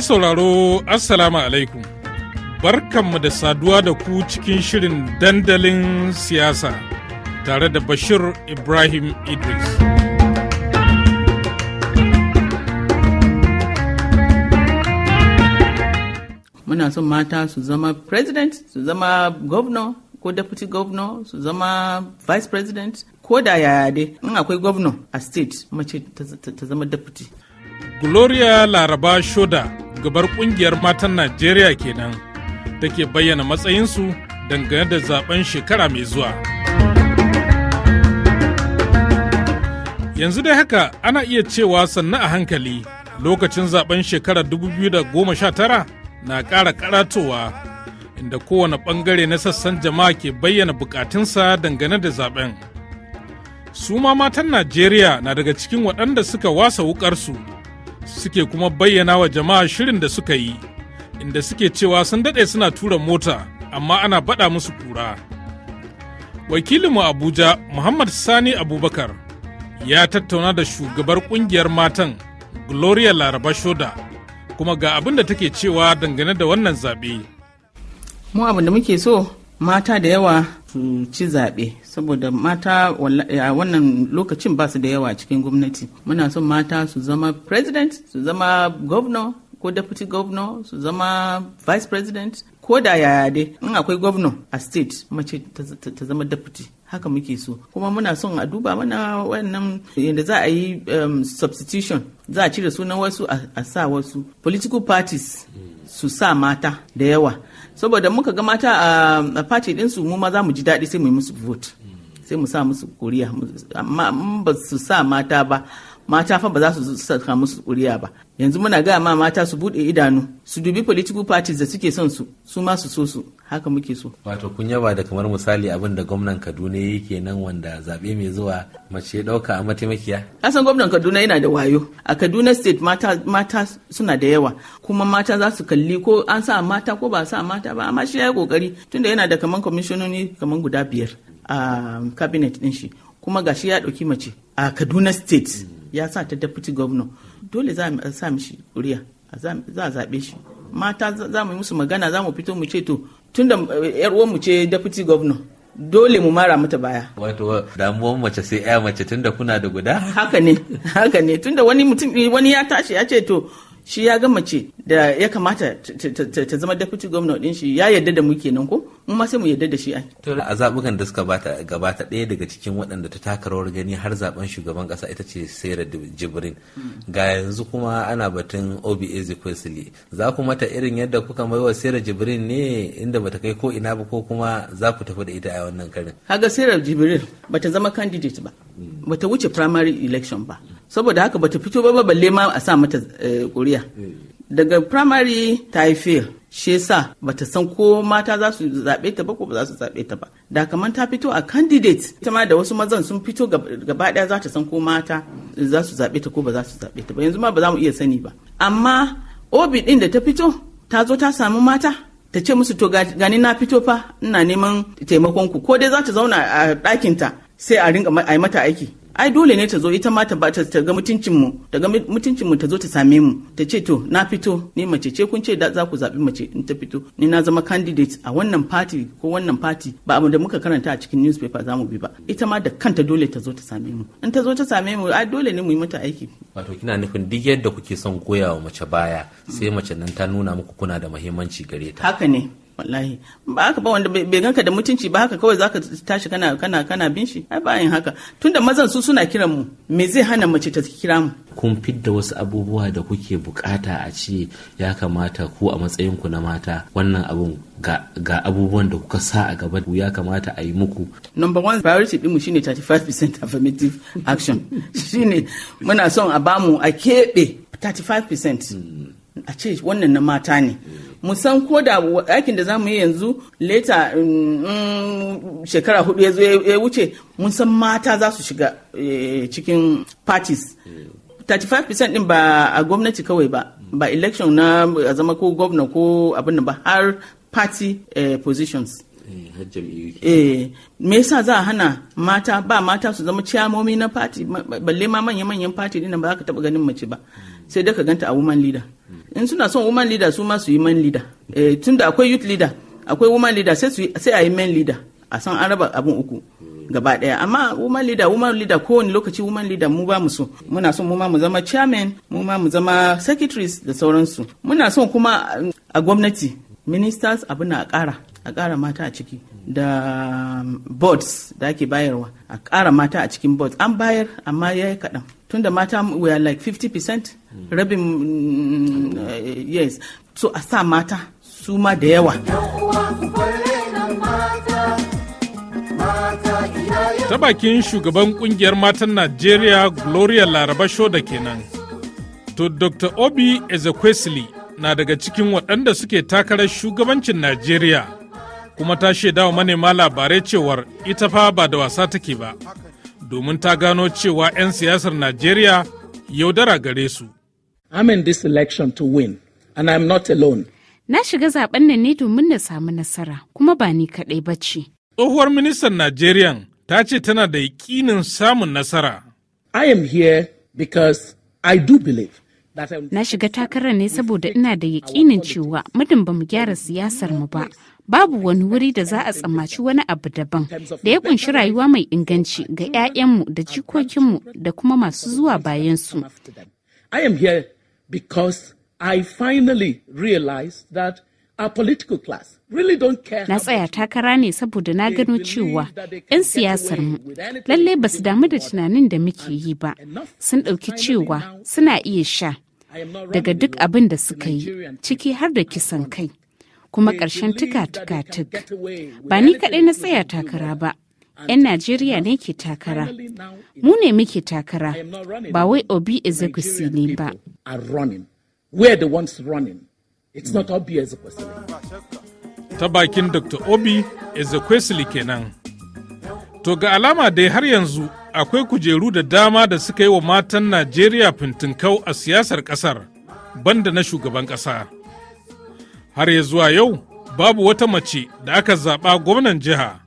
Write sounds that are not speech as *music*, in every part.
sauraro Assalamu alaikum. Barkanmu da saduwa da ku cikin shirin dandalin siyasa tare da Bashir Ibrahim Idris. Muna son mata su zama president, su zama governor ko deputy governor, su zama vice president, ko da yaya dai in akwai governor a state mace ta zama deputy. gloria laraba shoda gabar kungiyar matan najeriya kenan da ke bayyana matsayinsu dangane da zaben shekara mai zuwa yanzu dai haka ana iya cewa sannu a hankali lokacin zaben shekarar 2019 na ƙara karatowa inda kowane ɓangare na sassan jama'a ke bayyana bukatunsa dangane da zaben Suma matan najeriya na daga cikin waɗanda suka wasa wukarsu suke kuma bayyana wa jama'a shirin da suka yi inda suke cewa sun daɗe suna tura mota amma ana baɗa musu kura wakilinmu abuja muhammad sani abubakar ya tattauna da shugabar ƙungiyar matan gloria laraba shoda kuma ga abin da take cewa dangane da wannan zaɓe mu abin da muke so mata da yawa su ci zaɓe saboda mata a wannan lokacin ba su da yawa cikin gwamnati muna son mata su zama president su zama governor ko deputy governor su zama vice president ko da yaya dai in akwai governor a state mace ta zama deputy haka muke so kuma muna son a duba mana wannan yadda za a yi um, substitution za a cire sunan wasu a sa wasu political parties su sa mata da yawa saboda muka ga mata a party din mu ma za mu ji daɗi sai mu yi musu vote sai mu sa musu kuriya amma ba su sa mata ba mata fa ba za su saka musu ƙuri'a ba yanzu muna gaya ma mata su bude idanu su dubi political parties da suke son su su ma su so su haka muke so wato kun yaba da kamar misali abin da gwamnan Kaduna yake nan wanda zabe mai zuwa mace dauka a mataimakiya kasan gwamnan Kaduna yana da wayo a Kaduna state mata mata suna da yawa kuma mata za su kalli ko an sa mata ko ba sa mata ba amma shi ya yi kokari tunda yana da kaman kwamishinoni kaman guda biyar a cabinet din shi kuma gashi ya ɗauki mace a Kaduna state ya sa ta deputy governor dole za a sa mishi kuriya za a zaɓe shi mata za mu yi musu magana za mu fito mu ce to tun da eh, yar mu ce deputy governor dole mu mara mata baya wato damuwar mace sai ya mace tun da kuna da guda haka ne haka ne da wani mutum wani ya tashi ya ce to shi ya ga mace da ya kamata ta zama deputy governor din shi ya yarda da mu kenan ko mun ma sai mu yarda da shi ai to a zabukan da suka bata gabata ɗaya daga cikin waɗanda ta taka rawar gani har zaben shugaban kasa ita ce Sarah Jibrin hmm. ga yanzu kuma ana batun OBA Ezekwesili za ku mata irin yadda kuka maiwa Sarah Jibrin ne inda bata kai ko ina ba ko kuma za ku tafi da ita a wannan karin kaga Sarah Jibrin bata zama candidate ba hmm. bata wuce primary election ba hmm. saboda haka bata fito ba balle ma a sa mata kuriya eh, hmm. daga primary ta yi fail shi sa bata san ko mata za su zaɓe ta ba ko ba za su zaɓe ta ba da kamar ta fito a candidate ita ma da wasu mazan sun fito gaba ɗaya za ta san ko mata za su zaɓe ta ko ba za su zaɓe ta ba yanzu ma ba za mu iya sani ba amma obi ɗin da ta fito ta zo ta samu mata ta ce musu to gani na fito fa ina neman taimakon ku ko dai za ta zauna a ɗakinta sai a ringa a yi mata aiki ai dole ne ta zo ita ma ta ga mutuncin mu ta ga mutuncin mu ta zo ta same mu ta ce to na fito ni mace ce kun ce za ku zabi mace in ta fito ni na zama candidate a wannan party ko wannan party ba abu da muka karanta a cikin newspaper za mu bi ba ita ma da kanta dole ta zo ta same mu in ta zo ta same mu ai dole ne mu yi mata aiki wato kina nufin duk yadda kuke son goyawa mace baya sai mace nan ta nuna muku kuna da muhimmanci gare ta haka ne wallahi ba haka ba wanda bai ganka da mutunci ba haka kawai zaka tashi kana kana kana bin shi ai ba yin haka tunda mazan su suna kiran mu me zai hana mace ta kira mu kun fidda wasu abubuwa da kuke bukata a ce ya kamata ku a matsayin ku na mata wannan abun ga, ga abubuwan da kuka sa a gaba ya kamata a yi muku number one priority dinmu shine 35% affirmative action *laughs* shine muna son a bamu a keɓe 35% mm. a ce wannan na mata ne mu san ko da aikin da zamu yi yanzu leta mm, mm, shekara hudu ya zo ya wuce mun san mata za su shiga eh, cikin parties 35% din ba a gwamnati kawai ba ba election na zama ko gwamna ko abin ba har party eh, positions Eh, eh me yasa za a hana mata ba mata su zama ciyamomi na fati balle ma manya manyan fati dinan ba za ka taba ganin mace ba sai dai ka ganta a woman leader in suna son woman leader su ma su yi man leader eh tunda akwai youth leader akwai woman leader sai sai a yi man leader a san an raba abun uku gaba daya amma woman leader woman leader kowane lokaci woman leader mu ba mu so muna son mu ma mu zama chairman mu ma mu zama secretaries da sauransu muna son kuma a gwamnati ministers abin a kara a ƙara mata a ciki da um, boards da ake bayarwa a ƙara mata a cikin boards an bayar amma ya yi kaɗan tunda mata we are like 50% rabin eh, yes so a sa mata su ma da yawa ta bakin shugaban kungiyar matan najeriya gloria laraba da kenan to dr obi ezekwesili na daga cikin waɗanda suke takarar shugabancin najeriya kuma ta shaida wa manema labarai cewar ita fa ba da wasa take ba domin ta gano cewa 'yan siyasar najeriya yaudara gare su Na shiga zaben nan ne domin na samu nasara kuma ba ni kaɗai ba ce. Tsohuwar ministan Najeriya ta ce tana da yaƙinin samun nasara. I am here I do believe Na shiga takarar ne saboda ina da yaƙinin cewa muddin ba mu gyara siyasar mu ba, babu wani wuri da za a tsammaci wani abu daban da ya kunshi rayuwa mai inganci ga 'ya'yanmu da jikokinmu da kuma masu zuwa bayansu. I am here I finally realized that our political class really don't care. Na tsaya takara ne saboda na gano cewa 'yan siyasar mu lallai ba su damu da tunanin da muke yi ba, sun ɗauki cewa suna iya sha daga duk abin da suka yi ciki har da kisan kai. kuma ƙarshen tuka-tuka-tuk. Ba ni kaɗai na tsaya takara ba, 'yan Najeriya ne ke takara. Mu ne muke takara, ba wai Obi Ezekwesi ne ba. Hmm. Ta bakin Dr. Obi Ezekwesili kenan. To ga alama dai har yanzu akwai kujeru da dama da suka yi wa matan Najeriya fintinkau a siyasar kasar banda na shugaban kasa. har ya zuwa yau babu wata mace da aka zaɓa gwamnan jiha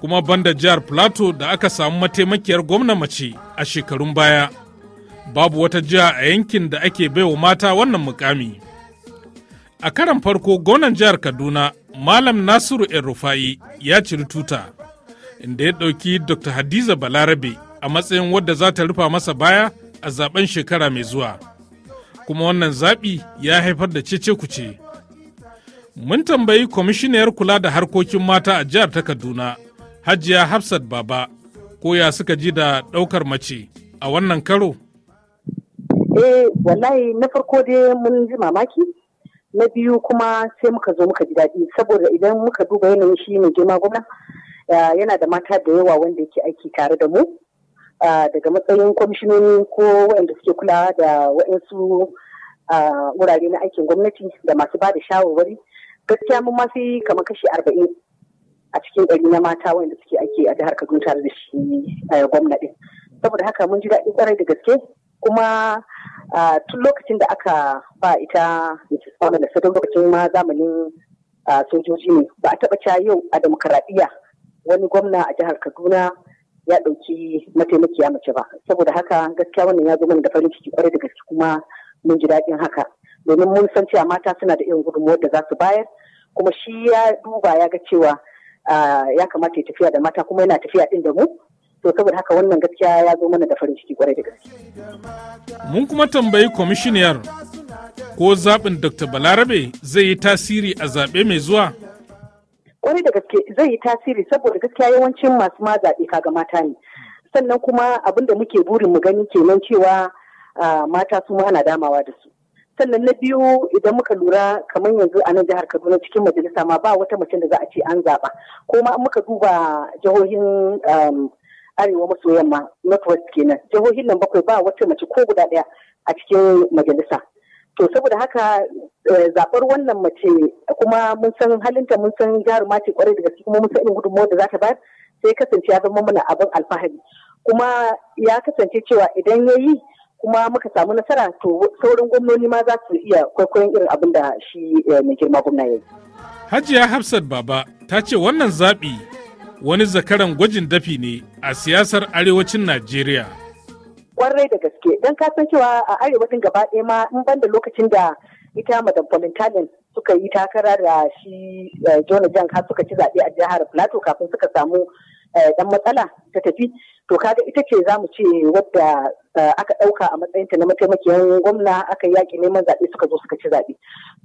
kuma banda jihar plateau da aka samu mataimakiyar gwamna mace a shekarun baya babu wata jiha a yankin da ake baiwa mata wannan mukami a karan farko gwamnan jihar kaduna malam nasiru el rufa'i ya ciri tuta inda ya ɗauki dr hadiza balarabe a matsayin wadda za ta rufa masa baya a zaben shekara mai zuwa kuma wannan zaɓi ya haifar da cece kuce Mun tambayi kwamishiniyar kula da harkokin mata a jihar ta Kaduna, Hajiya Hafsat Baba, ko ya suka ji da ɗaukar mace a wannan karo? Eh, wallahi na farko dai mun ji mamaki, na biyu kuma sai muka zo muka ji daɗi, saboda idan muka duba yanayin shi mai girma gwamna eh, yana da mata da yawa wanda yake aiki tare da mu. Eh, daga matsayin kwamishinoni ko waɗanda suke kula da waɗansu eh, wurare na aikin gwamnati da masu ba da shawarwari gaskiya mun mafi kamar kashi arba'in a cikin ɗari na mata wanda suke ake a jihar Kaduna tare da shi eh, gwamna ɗin. Saboda haka mun ji daɗin tsarai da gaske kuma tun lokacin da aka ba ita Mrs. Fama da sadon lokacin ma zamanin sojoji ne ba a taɓa ca yau a demokaradiyya wani gwamna a jihar Kaduna ya ɗauki mataimakiya mace ba. Saboda haka gaskiya wannan ya zo mana da farin ciki kwarai da gaske kuma mun ji daɗin haka. domin mun san cewa mata suna da irin gudunmuwar da za su bayar kuma shi ya duba ya ga cewa ya kamata ya tafiya da mata kuma yana tafiya din da mu to saboda haka wannan gaskiya ya zo mana da farin ciki kwarai da gaske. Mun kuma tambayi kwamishiniyar ko zaɓin Dr. Balarabe zai yi tasiri a zaɓe mai zuwa? Kwarai da gaske zai yi tasiri saboda gaskiya yawancin masu ma zaɓe kaga mata ne. Sannan kuma abin da muke burin mu gani kenan cewa mata su ma ana damawa da su. sannan na biyu idan muka lura kamar yanzu a nan jihar kaduna cikin majalisa ma ba wata mace da za a ce an zaɓa ko ma muka duba jihohin um, arewa maso yamma northwest kenan jihohin nan bakwai ba wata mace ko guda ɗaya a cikin majalisa to saboda haka eh, zaɓar wannan mace kuma mun san halinta mun san jaruma ce kwarai da gaske kuma mun san irin gudunmawar da za ta bayar sai kasance ya zama mana abin alfahari kuma ya kasance cewa idan ya yi kuma muka samu nasara to saurin gwamnoni ma za su iya kwaikwayon irin abin da shi eh, mai girma gwamna ya yi. Hajiya Hafsat Baba ta ce wannan zaɓi wani zakaran gwajin dafi ne a siyasar arewacin Najeriya. Kwarai da gaske, don ka san cewa a arewacin gaba ɗaya ma in banda lokacin da ita madam suka yi takara da shi eh, Jona Jan har suka ci zaɓe a jihar Plateau kafin suka samu eh, ɗan matsala ta tafi to kaga ita ce za mu ce wadda Eh, aka ɗauka a matsayinta na mataimakiyar gwamna aka yaƙi neman zaɓe suka zo suka ci zaɓe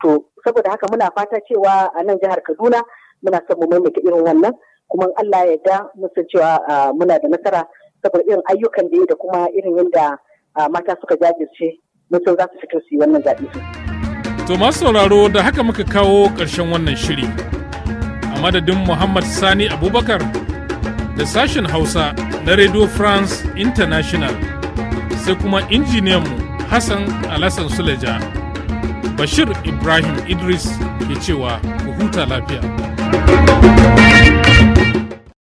to saboda haka muna fata cewa a nan jihar kaduna muna son mu maimaita irin wannan kuma allah ya da musu cewa eh, muna da nasara saboda irin ayyukan da yi da kuma irin yadda eh, mata suka jajirce mun san za su fito su yi wannan zaɓe to masu sauraro da haka muka kawo ƙarshen wannan shiri a madadin muhammad sani abubakar da sashen hausa na radio france international sai kuma mu Hassan Alassan Suleja. Bashir Ibrahim Idris ke cewa ku huta lafiya.